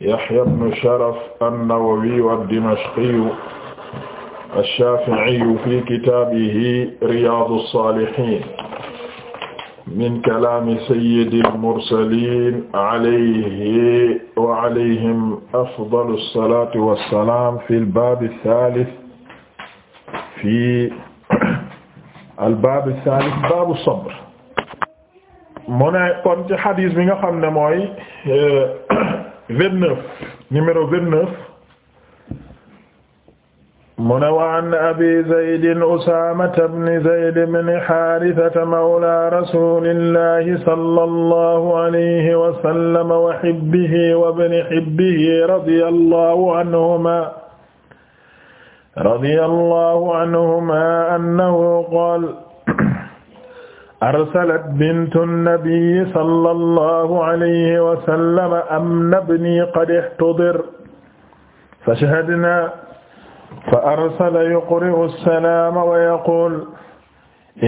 Yahya ibn Sharaf an-Nawawi ad-Dimashqi ash-Shafi'i fi kitaabihi Riyaadu s-Saalihiin min kalaami sayyidil mursaliin alayhi wa alayhim afdalu s-salaati wa s-salaam fil baabi s-saalis fi al-baabi s-saalis baabu s-sabr mu ne kon ci hadiis bi nga xam ne mooy 29 numéro 29 mu ne wa an abi zaydin usaamata bni zayd bni haarisata mawla rasuulillahi sallallahu alayhi wa sallam wa hibbihi wa bni hibbihi radiyallahu anhumaa radiyallahu anhumaa annahu qaala arsalat bintu nnabii sallallahu alayhi wa sallam amna bni qad ihtudir fashahadna fa arsala yuqri'u salaama wa yaqul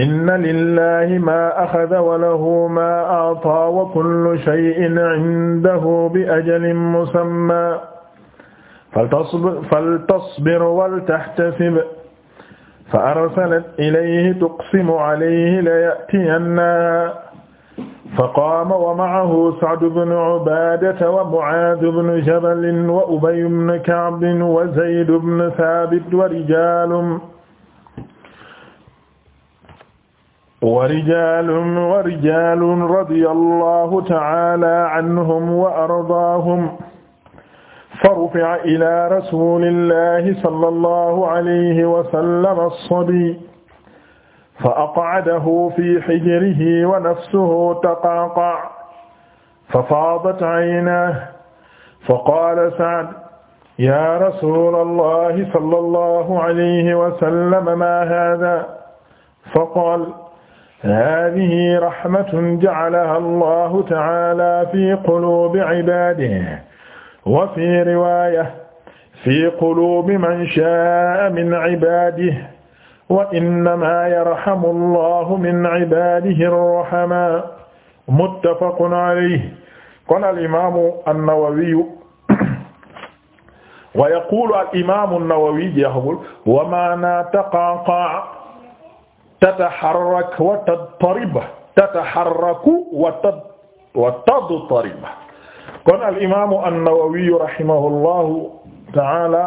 inna lillahi ma axada wa lahu ma a'taa wa kullu shay'in 'indahu bi ajalin musammaa faltasbir waltahtasib fa arsalat ilayhi tuqsimu alayhi la ya'tiyanna fa qaama wa ma'ahu Sa'd ibn Ubaadata wa Mu'aaz ibn Jabal wa Ubay ibn Ka'b wa Zayd ibn Thaabit wa rijaalun wa rijaalun wa rijaalun radiyallahu ta'aala anhum wa ardaahum farufi'a ilaa rasuulillahi sallallahu alayhi wa sallam as-sabi فأقعده في حجره ونفسه تقعقع ففاضت عيناه فقال سعد يا رسول الله صلى الله عليه وسلم ما هذا فقال هذه رحمة جعلها الله تعالى في قلوب عباده wa fi riwaya fi qulubi man sha'a min ibadihi wa innama yarhamu allahu min ibadihi arrahama muttafaqun alayhi kon alimamu annawawiyu wa yaqulu alimamu annawawi jeexagul wa maana taqaqa tataharrak wa tadtarib tataharraku wa tad wa tadtarib kon al imaamu an-Nawawi rahimahullahu ta'ala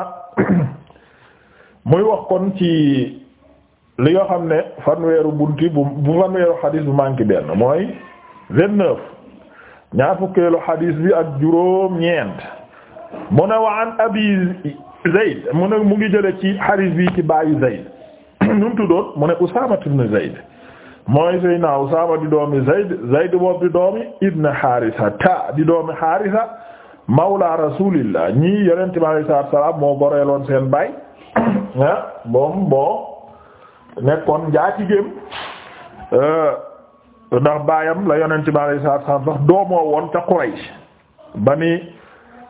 muy wax kon ci li nga xam ne fanweeru bunti bu bu fanweeru xadis bu manqué benn mooy vingt ñaar fukkeelu xadis bi ak juróom-ñeent mu ne wa an abi Zayd mu ne mu ngi jële ci xadis bi ci baayu Zayd nu mu tuddoon mu ne Usaama ibn Zayd mooy Seydina Usaama di doomi Zayd Zayd boobu di doomi Ibn Haarisa ta di doomi Haarisa mawla Rasulillah ñii yonente bi alayhi salaatu wa salaam moo goreeloon seen baay ah moom moo nekkoon njaatigéem euh, ndax baayam la yonente bi alayhi salaatu wa salaam sax doomoo woon ca Quraysh ba ni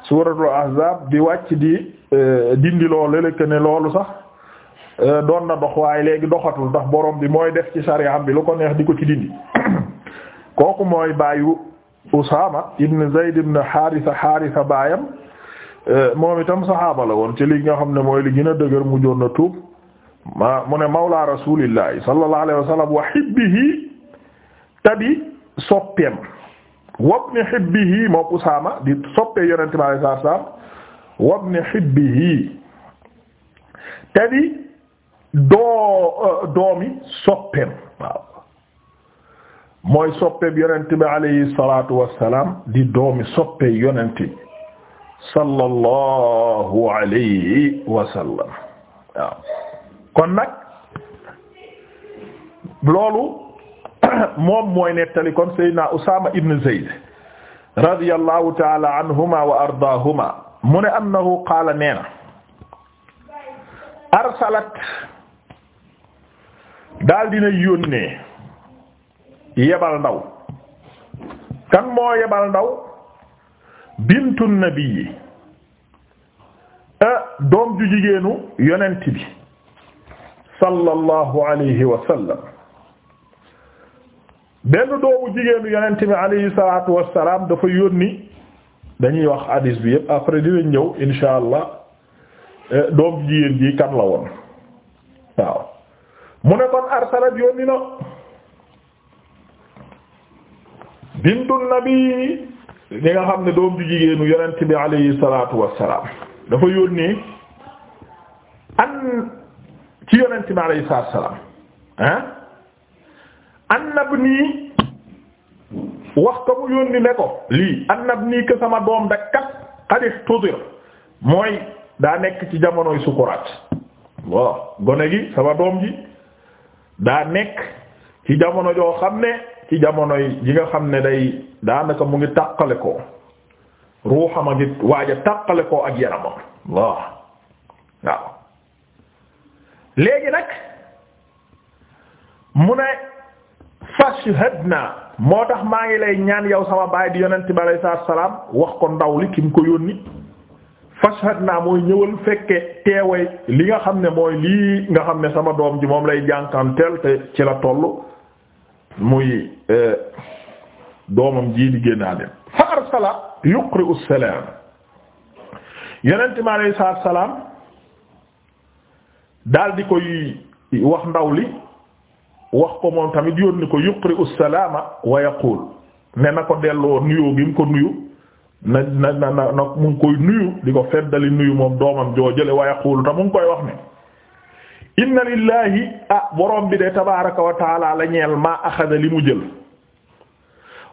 suuratul Ahzaab di wàcc di euh, dindi loolu léeg-léeg ne loolu sax. Euh, doon na dox waaye léegi doxatul ndax boroom bi mooy def ci sariyaam bi lu ko neex di ko ci dindi kooku mooy baayu Usaama ibn Zayd ibn Haarisa Haarisa baayam euh, moom itam saxaaba la woon ci lii nga xam ne mooy li gën a dëgër mu joon na tuub ma mu ne mawla rasuulillahi sallallahu alayhi wa sallam wa hibbihi tadi soppeem wabni hibbihi moom Usaama di soppe yonente bi alayhi salaam wabni hibbihi tadi doo euh, doomi soppeem waaw mooy soppeem yonent bi alayhi salaatu wassalaam di doomi soppe yonent bi sallallahu alayhi wasallam waaw kon nag loolu moom mooy nettali kon Seydina Usaama ibn Zayd radiyallahu ta'ala anhuma wa ardaahuma mu ne annahu qaala neena arsalat daal dina yónnee yebal ndaw kan moo yebal ndaw bintu nabi ah doom ju jigéenu yonent bi sallallahu alayhi wa sallam benn doomu jigéenu yonent bi alayhi salaatu wa dafa yónni dañuy wax hadis bi yépp après dinañ ñëw insha allah eh, doom jigéen ji kan la woon waaw. mu ne kon arsalat yónni na bintu nabi li nga xam ne doom ju jigéenu yonent bi alayhi salaatu wassalaam dafa yónni an ci yonent bi alayhi salaatu wassalaam ah an nab nii wax ko mu yónni ne ko lii an nab nii que sama doom da kat xadis tudir mooy daa nekk ci jamonoy sukuraat waaw gone gi sama doom ji daa nekk ci jamono joo xam ne ci jamono yi nga xam ne day daanaka mu ngi tàqale ko ruuxam a ngi waaja tàqale ko ak yaramam waaw waaw léegi nag mu ne fashhadna moo tax maa ngi lay ñaan yow sama baay di yonent bi alayhi salaam wax ko ndaw li ki mu ko yónni fashad naa mooy ñëwal fekke teewee li nga xam ne mooy lii nga xam ne sama doom ji moom lay jànkanteel te ci la tollu muy eh, doomam jii di génnaa dem fa arsala yuqri ussalaam yonent mi alayhi salaatu salaam daal di koy wax ndaw li wax ko moom tamit yónni ko yuqri ussalaama wa yaqul ne na ko delloo nuyoo gi mu ko nuyu na na na na mu ngi koy nuyu di ko feddali nuyu moom doomam joo jële waaye xuul te mu ngi koy wax ne inna lillahi ah borom bi de tabaraka wa la ñeel maa axada li mu jël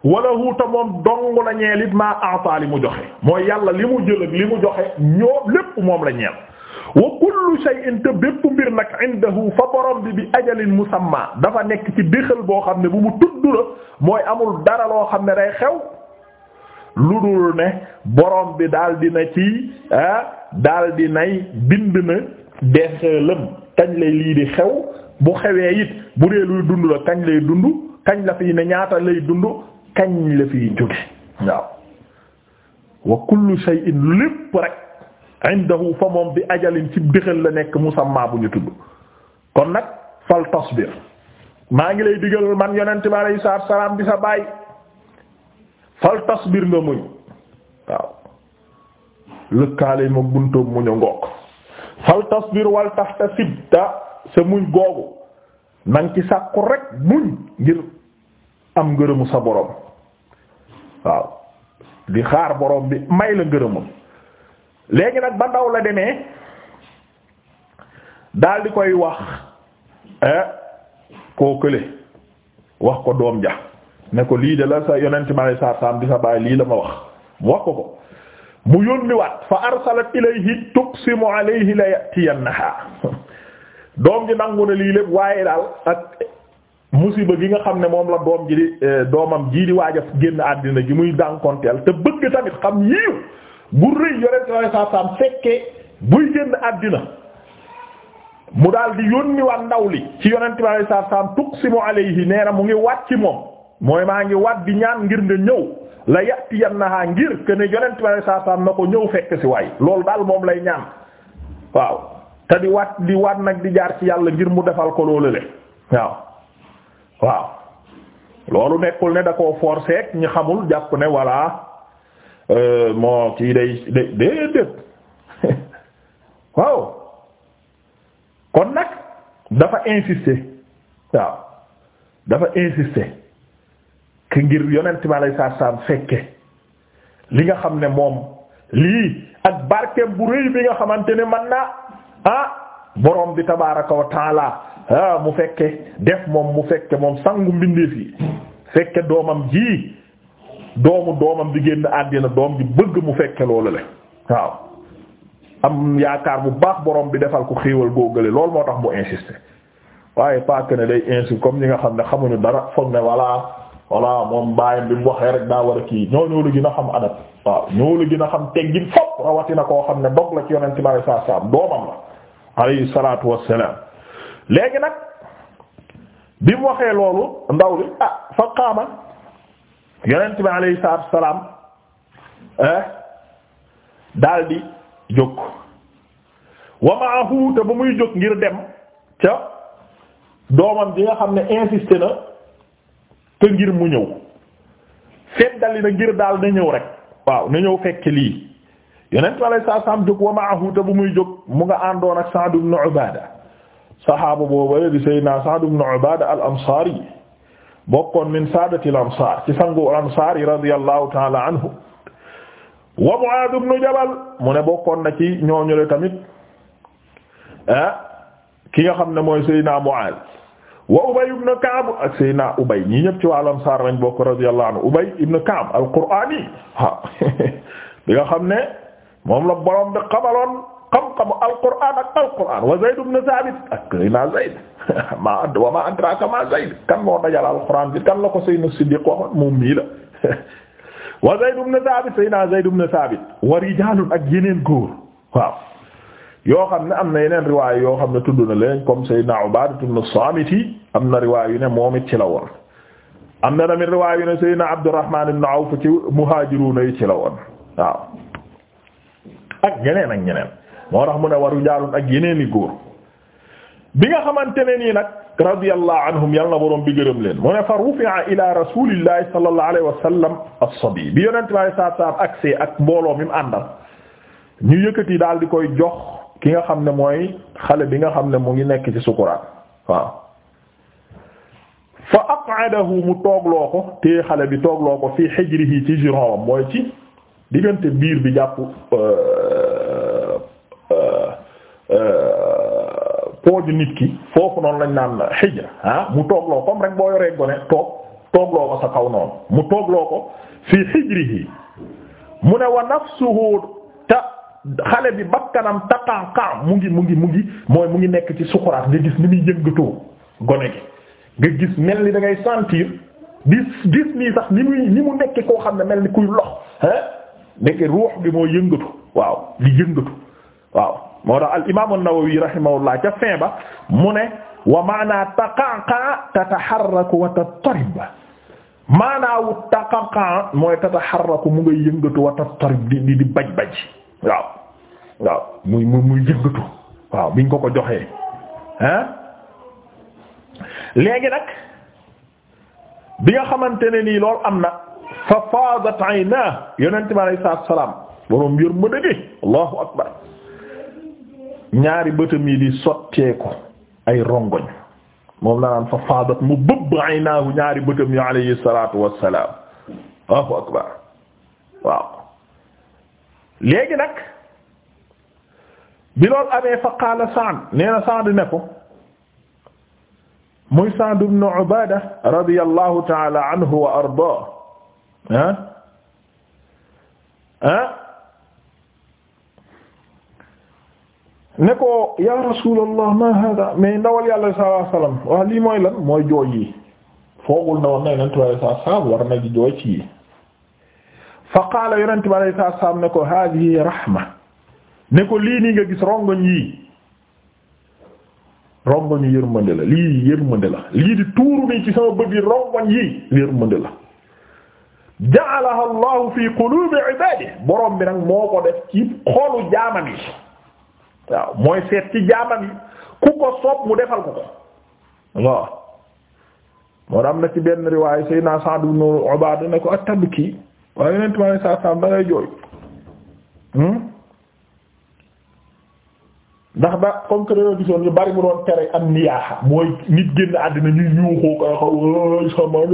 walla huuta moom dong la ñeel it maa ata li mu joxe mooy yàlla li mu jël ak li mu joxe ñoo lépp moom la ñeel wa kullu shay'in te bépp mbir nag indahu fa borom bi bi ajalin musamma dafa nekk ci déxal boo xam ne bu mu tudd la mooy amul dara loo xam ne day xew lu dul ne borom bi daal dina ci ah daal dinay bind na deseelam kañ lay lii di xew bu xewee it bu dee luy dund la kañ lay dund kañ la fi ne ñaata lay dund kañ la fiy jóge waaw wa kullu shay'in lépp rek indahu fa moom bi ajalin ci dëxal la nekk musamma bu ñu tudd kon nag fal tasbir maa ngi lay digal man yonent bi alayhi salaam bi sa baay fal tasbir nga muñ waaw lëkkaale ma buntóob muñ a ngoog fal tasbir wal tahtasib ta sa muñ googu nang ci sàkku rek muñ ngir am ngërëmu sa borom waaw di xaar boroom bi may la ngërëmam léegi nag ba ndaw la demee daal di koy wax eh, koo kële wax ko doom ja ne ko lii de la sa yonent ma lay saam di sa bàyyi lii la ma wax mu wax ko ko mu yónniwaat fa arsalat ilayhi tuqsimu alayhi la yatiyannaha doom ji nangu ne lii lépp waaye daal ak musiba gi nga xam ne moom la doom gi di eh, doomam jii di waaja génn àddina gi muy dànkonteel te bëgg tamit xam yiiw bu rëy yonent ma lay saam fekkee buy génn àddina mu daal di yónniwaat ndaw li ci yonent ma lay saa saam tuqsimu alayhi nee na mu ngi wàcc moom. mooy maa ngi waat di ñaan ngir nga ñëw la yàtti yan nahaa ngir que ne yonent bi alei na ko ñëw fekk ci waay loolu daal moom lay ñaan waaw te di waat di waat nag di jaar ci yàlla ngir mu defal ko loolu le waaw loolu nekkul ne da koo forcer ñi xamul jàpp ne voilà euh, moo kii day day waaw kon nag dafa insister waaw dafa insister que ngir yonent bi alayhi mu fekke li nga xam ne moom lii ak barkeem bu rëy bi nga xamante ne man naa ah borom bi tabaaraka wa taala ah mu fekke def moom mu fekke moom sangu mbindeef yi fekke doomam ji doomu doomam bi génn àddina doom ji bëgg mu fekke loolu la waaw am yaakaar bu baax boroom bi defal ko xéewal góogale loolu moo tax mu insister waaye pas ne day insister comme ñi nga xam ne xamuñu dara foog ne walla voilà moom bàyyam bi mu waxee rek daa war a kii ñoo la gën a xam adab waaw ñoo la gën a xam teggin fopp rawatina koo xam ne dog la ci yonent bi alayhi salaatu wassalaam doomam la alayhi salaatu wassalaam léegi nag bi mu waxee loolu ndaw li ah fa qaama yonent bi alayhi salaatu wassalaam eh daldi jóg wa ma'ahu te ba muy jóg ngir dem ca doomam bi nga xam ne insisté na que ngir mu ñëw feddali na ngir daal na ñëw rek waaw na ñëw fekk lii yonent bi alayhi salaam jóg wa ma'ahu te bu muy jóg mu nga àndoon ak Sa'd ibn Ubaada saxaaba boobu di Seydina Sa'd ibn Ubaada al-Ansaari bokkoon min saadatil ansaar ci sangu ansaar yi radiyallahu ta'ala anhu wa Mu'aad ibn Jabal mu ne bokkoon na ci ñooñu le tamit ah ki nga xam ne mooy Seydina Mu'aad wa Ubay ibn Ka'b ak Seydina Ubay ñii ñëpp ci waa Ansaar lañ bokk radiyallahu anhu Ubay ibn Ka'b al-Qur'ani waaw bi nga xam ne moom la borom bi xamaloon xam-xamu al-Qur'an ak al-Qur'an wa Zayd ibn Thabit ak Seydina Zayd ma wa ma adraka ma Zayd kan moo dajal al-Qur'an bi kan la ko Seydina Siddiq waxoon moom mii la wa Zayd ibn Thabit Seydina Zayd ibn Thabit wa rijalun ak yeneen góor waaw yoo xam ne am na yeneen riwaay yoo xam ne tudd na leen kom Seydina Ubaada ibn Saamit am na riwaay yu ne moom it ci la woon am na tamit riwaay yu ne Seydina Abdurrahmaan ibn Awf ci muhaajiruuna yi ci la woon waaw ak ñeneen ak ñeneen moo tax mu ne waru jaalun ak yeneen i bi nga xamante ne nii nag radiyallahu anhum yal na boroom bi gërëm leen mu ne fa rufi'a ila rasulillahi sallallahu alayhi wa sallam as-sabi bi yonent ak mbooloo mi mu àndal ñu yëkkati daal di koy jox. ki nga xam ne mooy xale bi nga xam ne mu ngi nekk ci sukuraat waaw fa aq'adahu mu toogloo ko te xale bi toogloo ko fii hijrihi ci giron mooy ci diggante biir bi jàpp euh, euh, euh, pooju nit ki foofu noonu lañ naan xijra ah mu toogloo kom rek boo yoree gone toog toogloo ko sa kaw noonu mu toogloo ko fii hijrihi mu ne wa nafsuhu ta xale bi bakkanam taqanqan mu ngi mu ngi mu ngi mooy mu ngi nekk ci suxuraat nga gis ni muy yëngatoo gone gi nga gis mel ni dangay ngay sentir di gis nii sax ni muy ni mu nekk koo xam ne mel ni kuy lox ah ruux bi moo yëngatu waaw di yëngatu waaw moo tax al imam nawawi rahimahullah ca fin ba mu ne wa maana taqanqa tataharraku wa tatarib maanaawu taqanqa mooy tataharraku mu ngay yëngatu wa tatarib di di baj baj waaw waaw muy muy muy jëngatu waaw biñ ko ko joxee ah léegi nag bi nga xamante ne nii loolu am na fa faadat aynaa yonent bi alayhi salaatu allahu akbar ñaari bëtam yi di sotteeku ay rongoñ moom la naan fa faadat mu bëbb aynaahu ñaari bëtam yi alayhi salaatu allahu akbar waaw léegi nag bi loolu amee fa qaala Sa'd nee na Sa'd ne ko muy Sa'd ibn Ubaada radiyallahu ta'ala anhu wa ardaa ah ah ne ko ya ma hada mais ndawal yàlla sallallahu alayhi wasallam waaw lii mooy lan foogul na war na yonent bi war na di ci fa qaala yonent bi alayhi salaatu salaam ne ko hadihi rahma ne ko lii nii nga gis rongoñ yii rongoñ yi yërmande la lii yërmande la lii di tuuru nii ci sama bët yi rongoñ yii yërmande la ja'alaha Allahu fi qulubi ibadihi borom bi nag moo ko def ci xolu jaamam yi waaw mooy seet ci jaamam yi ku ko soob mu defal ko ko waaw moo am na ci benn riwaaya Sayyidina Sa'd ibn Ubaada ne ko at waaye yeneen tubaab saa saa da jooy hmm? ndax ba comme que yu bari mu doon tere am niyaaxa mooy nit génn àddina ñu yuuxoo ko xaw ma nga wax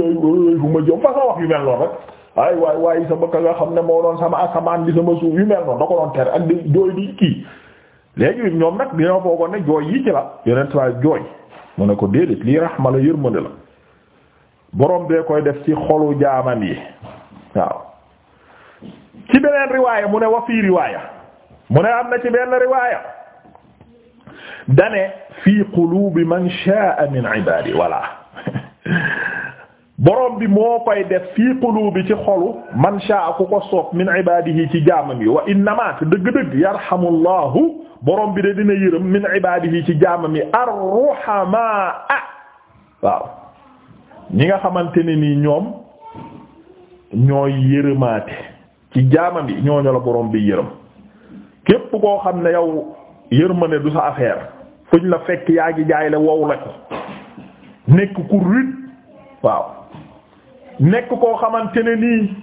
yu mel noonu rek ay waaye waay sama ka nga xam ne moo doon sama asamaan bi sama suuf yu mel noonu da ko doon tere ak di jooy di kii léegi ñoom nag dañoo foogoon ne jooy yi ci la yeneen jooy mu ne ko déedéet lii raxma la yërmande la borom bee koy def ci xolu jaaman yi waaw ci beneen riwaaya mu ne wa fii riwaaya mu ne am na ci benn riwaaya dane fii qulubi man sha'a min ibadi wala borom bi moo koy def fii qulubi ci xolu man sha'a ku ko soob min ibadihi ci jaamam yi wa innama te dëgg-dëgg yarhamullahu borom bi de dina yërëm min ibadihi ci jàmm yi ar-ruhamaa waaw ñi nga xamante ne nii ñoom ñooy yërëmaate ci jaamam yi ñooñu la borom bi yërëm képp koo xam ne yow yërmande du sa affaire fuñ la fekk yaa ngi jaay la wow la ko nekk koo xamante ne nii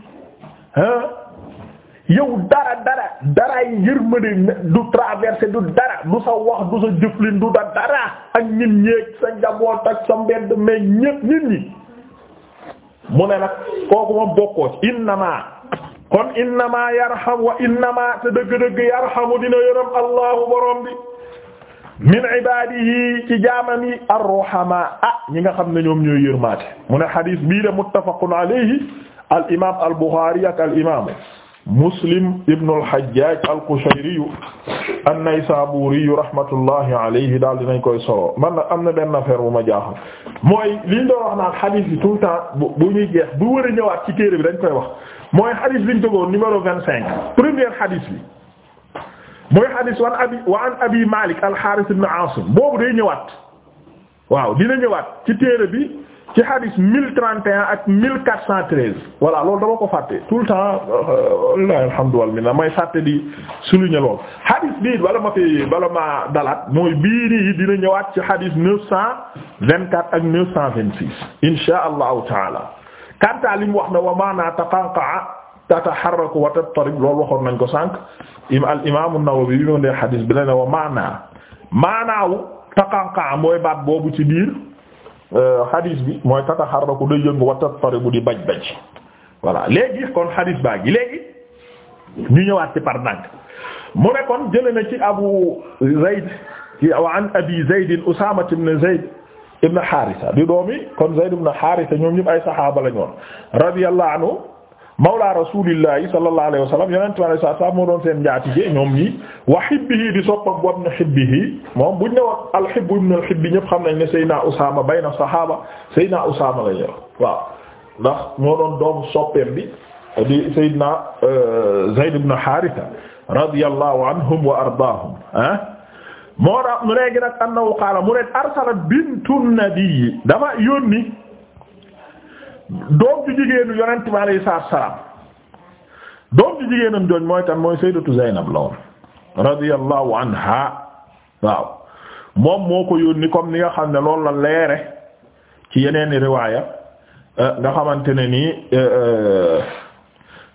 yow dara dara daraay yërmande du traversé du dara du sa wax du sa jëflin du da dara ak ñin ñéeg sa njaboot ak sa mbedd mais ñépp nit ñi mu ne nag kooku bokkoo ci innamaa kon innama yarham wa innama te dëgg-dëgg yarhamu dina min ibadihi ci jaamam yi arruhama ah ñi nga xam ne ñoom ñooy yërmaate mu ne xadis bii de muttafaqun alayhi al imam al buxaari ak al imam muslim ibnu al hajjaj al qushayri an naysaburi rahmatullahi alayhi daal dinañ koy solo am na benn affaire bu ma jaaxal mooy liñ doon wax naan xadis yi bu ñuy jeex bu war a ñëwaat ci téere bi dañ koy wax mooy xadis bi ñu tëgoon numéro vingt cinq première xadis bi mooy xadis wan abi wa an abi malik alxaaris ibn asim boobu day ñëwaat waaw dina ñëwaat ci téere bi ci xadis mil trente et ak mille quatre cent treize voilà loolu dama ko fàtte tout le temps wallahi euh, alhamdulillah may fàtte di souligner lool xadis bii bala ma fi bala ma dalaat mooy bii nii dina ñëwaat ci xadis neuf cent vingt quatre ak neuf cent vingt six insha allahu taala kanta li mu wax na wa maana taqanqa'a tataharraku wa tatarib loolu waxoon nañ ko sànq al imam an-Nawawi bi xadis bi la ne wa maana maanaawu taqanqa'a mooy baat boobu ci biir euh, xadis bi mooy tataharraku day yëngu wa tataribu di baj baj léegi kon xadis baa gi léegi ñu ñëwaat ci par nag mu ne kon jële na ci Abu Zayd wa an Abi Zayd Usaama ibn Zayd ibn Haarisa di doomi kon Zayd ibn Haarisa ñoom ñëpp ay saxaaba lañu woon radiyallahu anhu mawla rasulillahi sallallahu alayhi wa sallam yonent bi alayhi salaam moo doon seen njaatige ñoom ñi wa hibbihi di soppam wa ibn hibbihi moom buñ ne wax al-hibbu ibn al-hibbi ñëpp xam nañ ne Seydina Usaama bayna saxaaba Seydina Usaama lañu waaw ndax moo doon doomu soppeem bi di Seydina euh, Zayd ibn Haarisa radiyallahu anhum wa ardaahum ah moo tax mu léegi nag annahu qaala mu ne arsala bintu nabi dafa yónni doom ju jigéenu yonent bi alayhi salaam doom ju jigéenam jooñ mooy tam mooy sayyidatu Zaynab la woon radiyallahu anha waaw moom moo ko yónni comme ni nga xam ne loolu la leere ci yeneeni riwaaya eh, nga xamante ne nii eh, eh,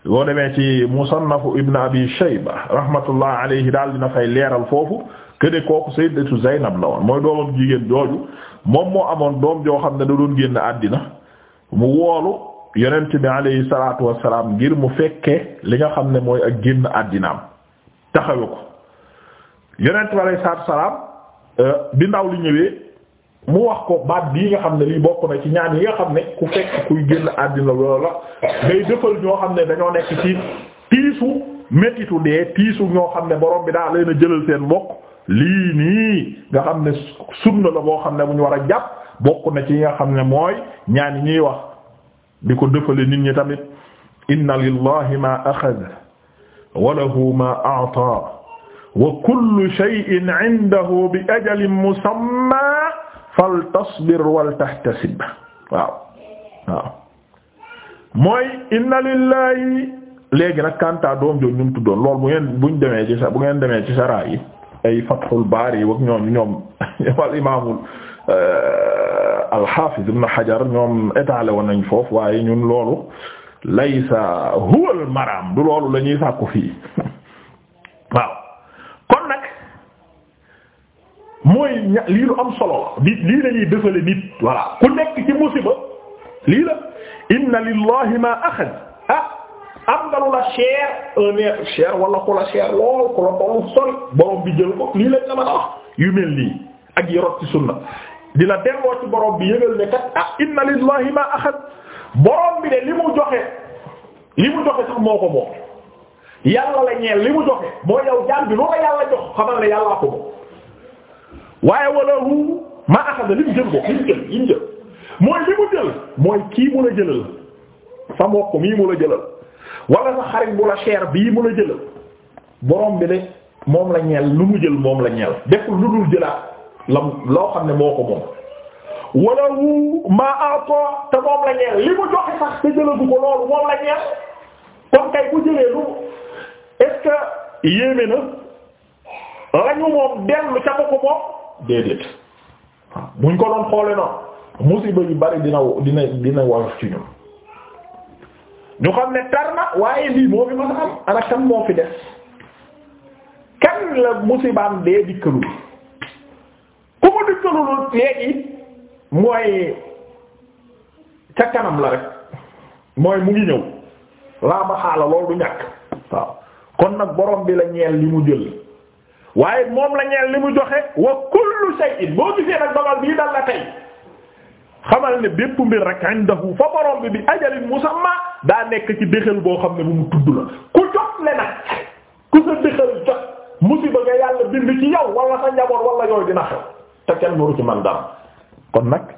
boo demee ci musannafu ibn abi shayba rahmatullah alayhi daal dina fay leeral foofu këne kooku sayyidatu Zaynab la woon mooy doomam jigéen jooju moom moo amoon doom joo xam ne da doon génn àddina mu woolu yonent bi alayhi salaatu wassalaam ngir mu fekke li nga xam ne mooy ak génn àddinaam taxawe ko yonent bi alayhi salaatu wassalaam euh, bi ndaw li ñëwee mu wax ko baat bii nga xam ne lii bokk na ci ñaan yi nga xam ne ku fekk kuy génn àddina loolu la ngay dëfal ñoo xam ne dañoo nekk ci tiisu mettitu dee tiisu ñoo xam ne borom bi daa leen a jëlal lii nii nga xam ne sunna la boo xam ne bu ñu war a jàpp bokk na ci nga xam ne mooy ñaan yi ñuy wax di ko dëfale nit ñi tamit inna lillahi ma axada wa lahu ma a'ta wa kullu shay'in 'indahu bi ajalin musamma faltasbir wal tahtasib waaw waaw mooy inna lillahi léegi nag kanta doom jooju ñu tuddoon lool bu ngeen buñ demee ci sa bu ngeen demee ci sara yi ay Fathul Baari wak ñoom ñoom al imaamul euh, al-Hafiz Ibn Hajar ñoom étalé woon nañ foofu waaye ñun loolu laysa huwal maram du loolu la ñuy sàkku fii waaw kon nag mooy ña lii lu am solo la di lii la ñuy defale nit voilà ku nekk ci musiba lii la inna lillahi ma axad nga la cher un bi ak yi rot ci sunna di la delloo ci borom bi yëgal ne kat ah inna lillahi li mu joxe moo ko moom yàlla la ñeel li mu joxe mooy yow jaam bi loolu la yàlla jox xamal ne ko moom waaye wala hu axad li mu jël ko li li mu jël mooy li kii mu la jëlal sa mbokk mii mu la jëlal wala sa xarit bu la cher bii mu la jëlal borom bi de moom la ñeel lu mu jël moom la ñeel def lu dul jëlaat la loo xam ne moo ko moom wala wu maa ato te moom la ñeel li mu joxe sax te jëlagu ko loolu moom la ñeel kon kay bu jëlee lu est yéeme na lañu moom dellu ca ko ko moom déedéet buñ ko doon xoole noonu musiba yu bari dina dina dina war ci ñun ñu xam ne tar na waaye lii moo fi mën a am moo fi des kan la musibaam dee dikkalul ku mu dikkalul léegi mooy ca kanam la rek mooy mu ngi ñëw laa ma xaala loolu ñàkk waaw kon nag borom bi la ñeel li mu jël waaye moom la ñeel li mu joxe wa kullu shay'in boo gisee nag dogal bii dal la tey xamal ne bépp mbir rek indahu fa borom bi bi ajalin musamma daa nekk ci déxal boo xam ne bu mu tudd la ku jot le nag ku sa déxal musiba nga yàlla bind ci yow wala sa njaboot wala yooyu dina xew te kenn waru ci man dara kon nag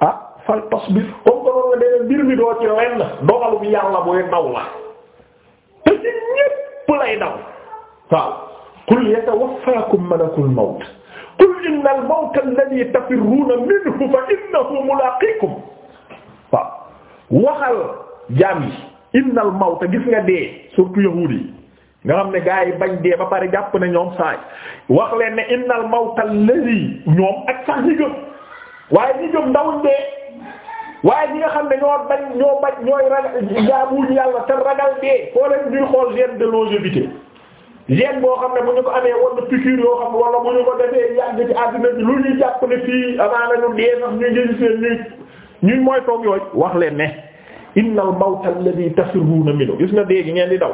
ah fal tasbir comme que noonu la dee mbir mi doo ci lenn doxalu bi yàlla booy daw la te ci ñépp lay daw waaw qul yatawaffakum malakul mawt qul innal mawta alladhi tafirruna fa innahu mulaqikum waaw waxal jaam yi innal mawta gis nga dee surtout yahuud yi nga xam ne gaa yi bañ dee ba pare jàpp ne ñoom saay wax leen ne innal mawta allazi ñoom ak sax ñi gëm waaye ñi gëm ndawuñ dee waaye ñi nga xam ne ñoo bañ ñoo bañ ñooy ragal jaamuñu yàlla te ragal dee foo leen ñuy xool gène de longévité gène boo xam ne bu ñu ko amee wala piqûre yoo xam wala bu ñu ko defee yàgg ci àddina bi lu ñuy jàpp ne fii amaana dee sax ñu ngi seen ñuy ñun mooy toog yooyu wax leen ne innal mawta alladhi tafirruuna minhu gis nga dee gi ngeen di daw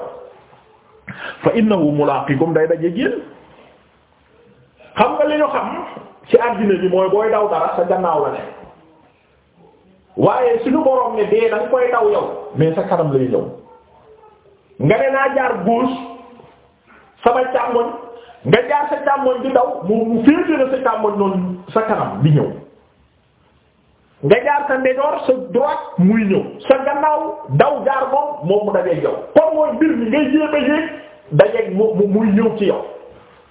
fa innahu mulaaqikum day daje génn xam nga li ñu xam ci àddina bi mooy booy daw dara sa gannaaw la ne waaye suñu borom ne dee da koy daw yow mais sa kanam lay ñëw nga ne naa jaar gauche sama càmmoñ nga jaar sa càmmoñ di daw mu mu féete sa càmmoñ noonu sa kanam di ñëw. nga jaar sa ndejoor sa droite muy ñëw sa gannaaw daw jaar moom moom mu dajeeg yow kon mooy mbir mi ngay jéem a yéeg dajeeg mu muy ñëw ci yow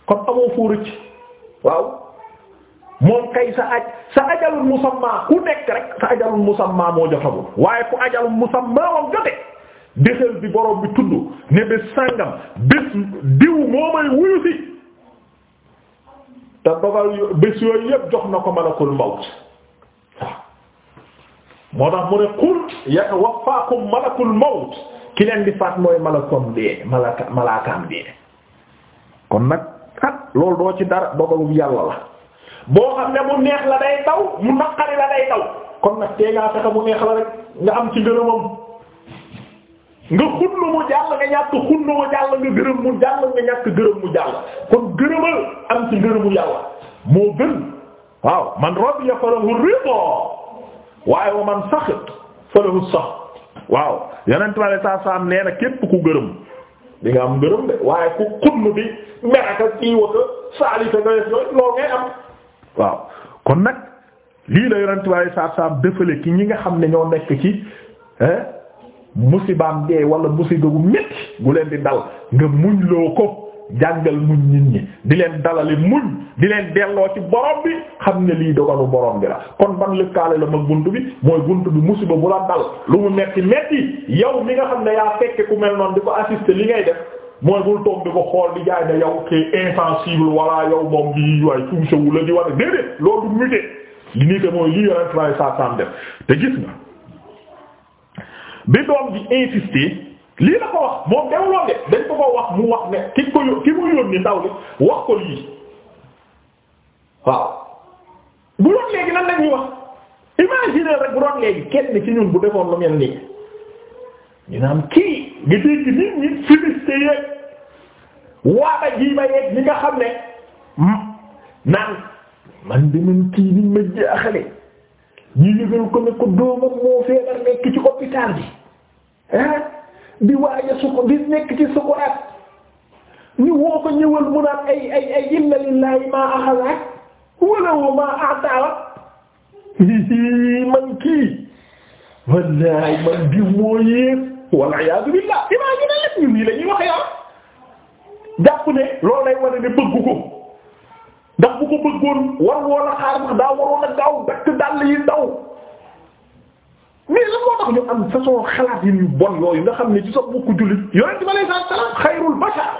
kon amoo foo rëcc waaw moom kay sa ajalul musamma ku nekk rek sa ajalul musamma moo jotagul waaye ku ajalul musamma wam jote déxal bi borom bi tudd ne bés sàngam bés diw moo may wuyu si te dogal bés yooyu yépp jox na ko malakul mawt moo tax mu ne qul yatawaffaakum malakul mawt ki leen di faat mooy malakom dee malaka malakaam dee kon nag kat ah, loolu doo ci dara dogalu yàlla la boo xam ne mu neex la day taw mu naqari la day taw kon nag tee ngaa fexe mu neex la rek nga am ci gërëmam nga xunnu mu jàll nga ñàkk xunnu mu jàll nga gërëm mu jàll nga ñàkk gërëm mu jàll kon gërëmal am ci gërëmu yàlla moo gën waaw man radiya falahu rida waaye wa man saxit falahu sax waaw yeneen tamit saa saa nee na képp ku gërëm di am gërëm de waaye ku xunn bi meraka kii wala saalita nga def loolu ngay am waaw kon nag lii la yeneen tamit saa saa dëfale ki ñi nga xam ne ñoo nekk ci musibaam dee wala musiba gu métti gu leen di dal nga muñ ko. jàngal muñ nit ñi di leen dalale muñ di leen delloo ci borom bi xam ne lii dogalu borom bi la kon ban lëkkaale la mag bunt bi mooy bunt bi musiba bu la dal lu mu metti metti yow mi nga xam ne yaa fekke ku mel noonu di ko assister li ngay def mooy bul toog di ko xool di jaay ne yow kee insensible walla yow moom di waay suumsewu la di war a déedéet loolu mujjee li nii te mooy lii yonent bi sallallahu alayhi wasallam def te gis nga bi doom di insister lii la ko wax moom dewul woon de dañ ko ko wax mu wax ne ki ko ki mu yónni ndaw li wax ko lii waaw bu doon léegi nan la wax imaginer rek bu doon léegi kenn ci ñun bu defoon lu mel nii ñu naan kii nga dégg nit ñi filisté yeeg waaba jiiba yeeg ñi nga xam ne naan man de man kii ni ma jaaxale ñu yëgal ko ne ko doomam moo feebar nekk ci hôpital bi ah di waaye suko di nekk ci sukuraat ñu woo ko ñëwal mu naan ay ay ay inna lillahi ma axalaak walaw ma ataalak man kii wallahi man diw moo yéef wal iyaadu billah imagine lépp ñun nii la ñuy yaa jàpp ne loolu lay wane ne bëggu ko ndax ko bëggoon war woon a xaar daa waroon a gaaw dakk dàll yi ndaw mais lan moo tax ñu am façon xalaat yu bon yooyu nga xam ne ci sa bokku jullit yonent bi alayhi salaam xayrul bashar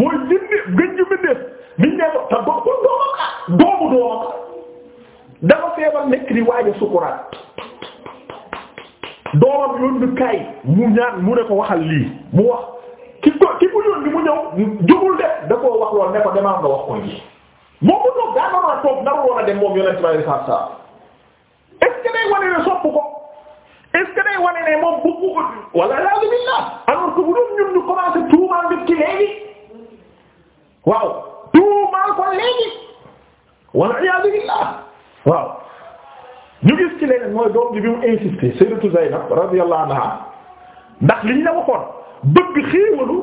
mooy jinne gën ju bindeef biñ doomu doomam dafa feebar nekk di waaj a sukuraat doomam yónni kaay mu ñaan mu ne ko waxal lii mu wax ki ko ki mu yónni mu ñëw jugul de da wax lool ne ko demaa nga wax ko lii moom mu toog daa toog naru woon dem moom yonent bi alayhi salaam est-ce que day ko. est ce que day wane ne moom bëgg ko wala yaa billah alors que bu doon ñun ñu commencé tuumaal nit ki léegi waaw tuumaal ko léegi wala yaa billah waaw ñu gis ci leneen mooy doom ji bi mu insister Sayyidatu Zaynab radiyallahu anha ndax li ñu la waxoon bëgg xéewalu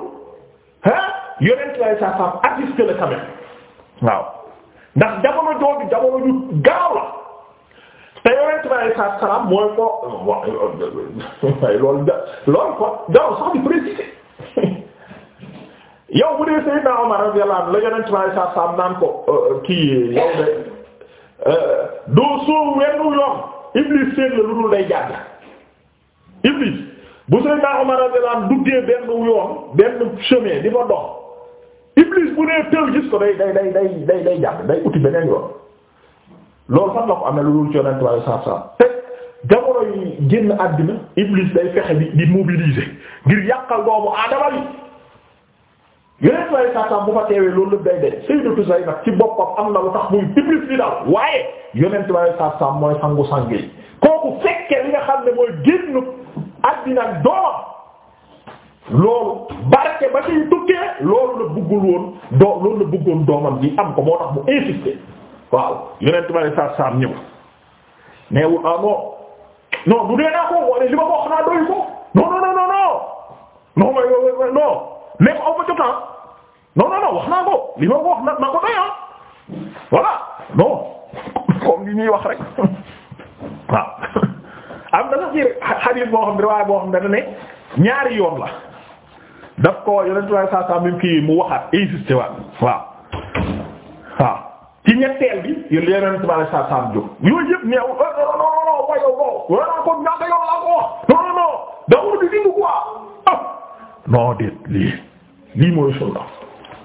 ah yonent lay sa femme assisté la tamit waaw ndax jamono jooju jamono gaaw te yonent bi alayhi salaatu wa salaam mooy ko loolu da loolu ko daaw sax di préciser yow bu dee Seydina Omar radiyallahu anhu la yonent bi alayhi salaatu wa salaam naan ko euh, kii yow de euh, doo soow wenn yoon Iblis seen la lu dul day jàdd Iblis bu Seydina Omar radiyallahu anhu duggee benn yoon benn chemin di fa dox Iblis bu nee tëw gis ko day day day day day day jàdd day uti beneen yoon loolu fan la ko amee lu dul ci yonent saab saab te jamono yi génn àddina iblis day fexe di di mobiliser ngir yàqal doomu aadama bi yonent waaye saab saab bu fa teewee loolu lépp day day Sayyidatu Zaynab ci boppam am na lu tax muy iblis di daal waaye yonent waaye saab saab mooy sangu sang kooku fekkee li nga xam ne mooy génn àddina doomam loolu barke ba ciy tukkee loolu la bëggul woon doo loolu la bëggoon doomam ji am ko moo tax mu insister waaw yonent ba ne saa saam ñëw neewul ah non non du dee naa ko wala li ma wax naa doy ko non non non non non non non mais aw ma jot ah non non non wax naa ko li ma wax na naa ko doy ah voilà non comme ni ñuy wax rek waaw am na sax ci hadith boo xam ne waaye boo xam ne da ne ñaari yoon la daf ko yonent ba ne saa saam mu kii mu waxaat insister waat waaw. ci ñetteel bi yéen yeneen tubaab yi saa saam jóg yooyu yëpp ko wala ko ñàkk yow ko wax non non non da nga di dindi quoi ah. lii lii mooy sunna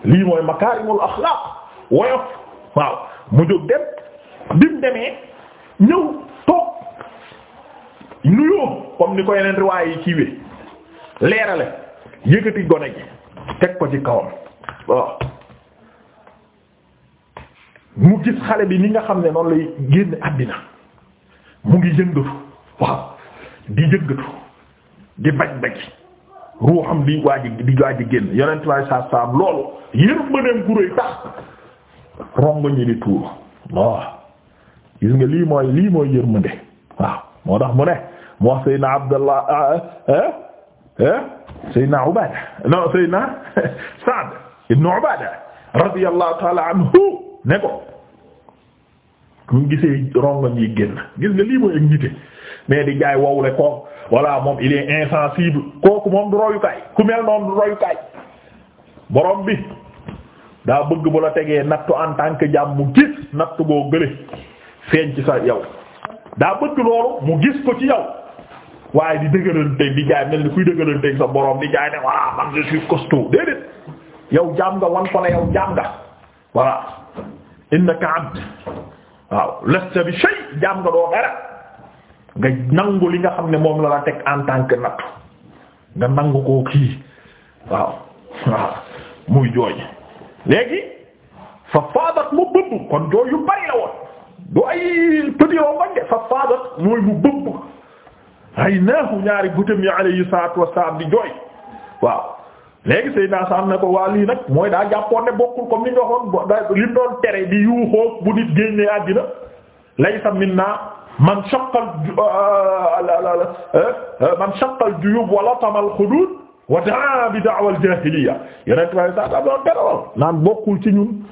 lii mooy makaarimul axlaaq woyof waaw mu jóg dem bi ñëw toog nuyoo comme ni ko yeneen riwaay yi kiiwee leerale yëkkati gone gi teg ko ci kawam waaw. mu gis xale bi ni nga xam ne noonu la génn àddina mu ngi yëngatu waaw di yëngatu di baj baj ruuxam di waaj di waaj génn yonent lay saab saab loolu yërmandeem gu tax rongo di tuur waaw gis nga lii mooy lii mooy yërmande waaw moo tax mu ne mu wax Seydina Abdallah ah, ah, ah, ah Seydina Ubaada non Seydina Saad ibnu Ubaada radiyallahu ta'ala anhu ne ko mu gisee rongoñ yi génn gis nga lii mooy ak nite mais di jaay wowle kook voilà moom il est insensible kooku moom du royukaay ku mel noonu du royukaay borom bi daa bëgg bu la tegee nattu en tant que jàmm mu gis nattu goo gële feeñ ci sa yow daa bëgg loolu mu gis ko ci yow waaye di dëgërante di jaay mel ni kuy dëgërante sa borom di jaay ne voilà man je suis costaud déedéet yow jaam nga wan ko ne jaam nga voilà innaka abd waaw lasta bi shay jaam nga doo dara nga nangu li nga xam ne moom la la teg en tant nattu nga nangu koo kii waaw waaw muy jooy léegi fa faadat mu bëbb kon jooy yu bari la woon du ay pëti yoo bañ de fa faadat mu bëbb ay naahu ñaari bëtam yi alayhi salaatu wassalaam di jooy waaw léegi Seydina Sa'd ne ko waa lii nag mooy daa jàppoon ne bokkul comme li ñu waxoon li mu doon tere di yuuxoo bu nit génnee àddina laysa minna man shaqqal euh, euh, euh, man shaqqal juyub wa latama al hudud wa da'a bi da'wa al jahiliya yeneen tubaab yi sax daa doon terewal naan bokkul ci ñun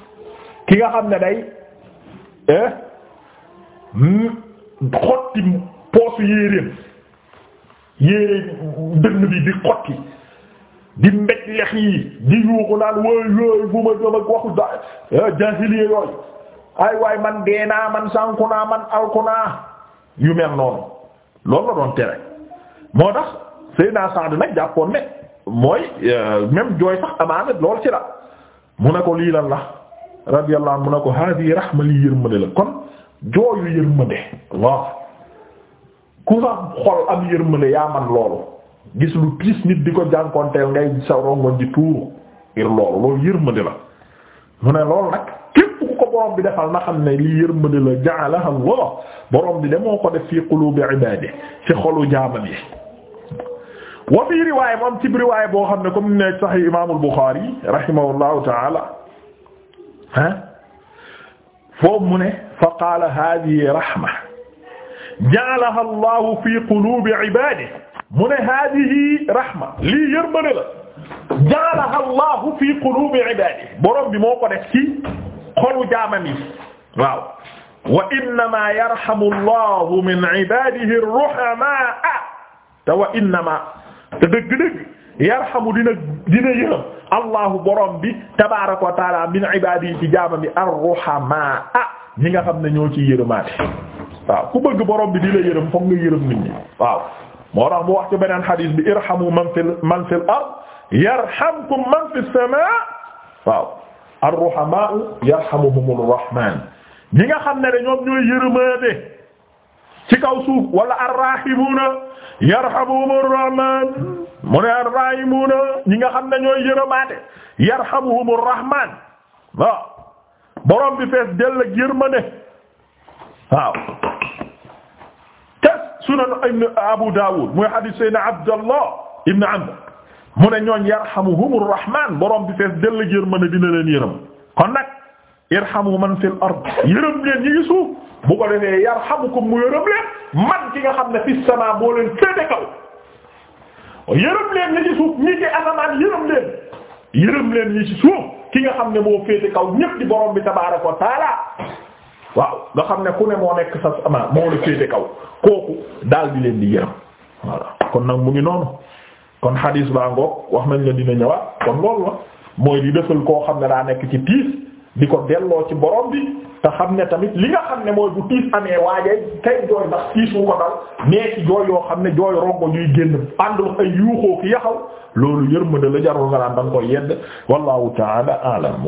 ki nga xam ne day eh, xotti poosu yéeréem yéeré dënn bi di xotti. di mbéj lex di yuuxu naan wooy wooy bu ma jëm waxu da eh, jaahiliya yooyu ay waay man dee naa man sànku naa man alku naa yu mel noonu loolu la doon tere moo tax Seydina Saad nag jàppoon ne mooy eh, même jooy sax amaana lool ci la mu ne ko lii lan la radiyallahu anhu mu ne ko hadi rahma lii yërmande la kon jooyu yërmande waaw ku sax xol am yërmande yaa man loolu gis lu nit di ko jànkonteel ngay sa rongoñ di tuuru ngir loolu loolu yërmande la mu ne loolu nag képp ko borom bi defal na xam ne lii yërmande la ja'alaha Allah borom bi de moo ko def fi qulubi ibadi ci xolu jaamam yi wa fi riwaaya moom ci riwaaya boo xam ne comme ne Sahih Imaamul Bukhari rahimahullahu ta'ala ah foofu mu ne fa qaala haadihi rahma ja'alaha Allahu fi qulubi ibadihi mu ne hadihi rahma lii yërmande la jaalaha allahu fi qulubi ibadihi borom bi moo ko def ci xolu jaamam yi waaw wa innama yarhamu allahu min ibadihi ar-ruhamaa te wa innama te dëgg-dëgg yarhamu dina dina yërëm allahu borom bi tabaaraka wa taala min ibadihi ci jaamam yi ar-ruhamaa ñi nga xam ne ñoo ci yërëmaate waaw ku bëgg borom bi di la yërëm fokk nga yërëm nit ñi waaw moo tax mu wax ci beneen xadiis bi irhamu man fil man fil ard yarhamkum man fis samaa waaw ar-ruhamaa yarhamuhumur rahmaan ñi nga xam ne de ñoom ñooy yërëmaate ci kaw suuf wala ar-raahimuuna yarhamuhumur rahmaan mu ne ar-raahimuuna ñi nga xam ne ñooy yërëmaate yarhamuhumur rahmaan waaw borom bi fees dell ak yërmande waaw sunan ibn Abu Dawud muy hadith Seydina Abdallah ibn Amr mu ne ñooñ yarhamuhumur rahmaan borom bi fees dell yërmande dina leen yërëm kon nag irhamu man fil ard yërëm leen ñi ngi suuf bu ko mu yërëm leen man ki nga xam ne fis sama boo leen féete leen ñi ci suuf ñi ci leen yërëm ki nga xam ne moo féete kaw ñépp di borom bi tabaaraka wa waaw nga xam ne ku ne moo nekk sa sama moo la féete kaw kooku daal di leen di yërëm voilà kon nag mu ngi noonu kon xadiis baa ngoog wax nañ la dina ñëwaat kon loolu la mooy di defal koo xam ne daa nekk ci tiis di ko delloo ci borom bi te xam ne tamit li nga xam ne mooy bu tiis amee waajay kay jooy ndax tiis ko dal mais ci jooy yoo xam ne jooy rongo ñuy génn àndul ay yuuxoo ki yaxaw loolu yërmande la jarul nga naan da yedd wallahu ta'ala a'lam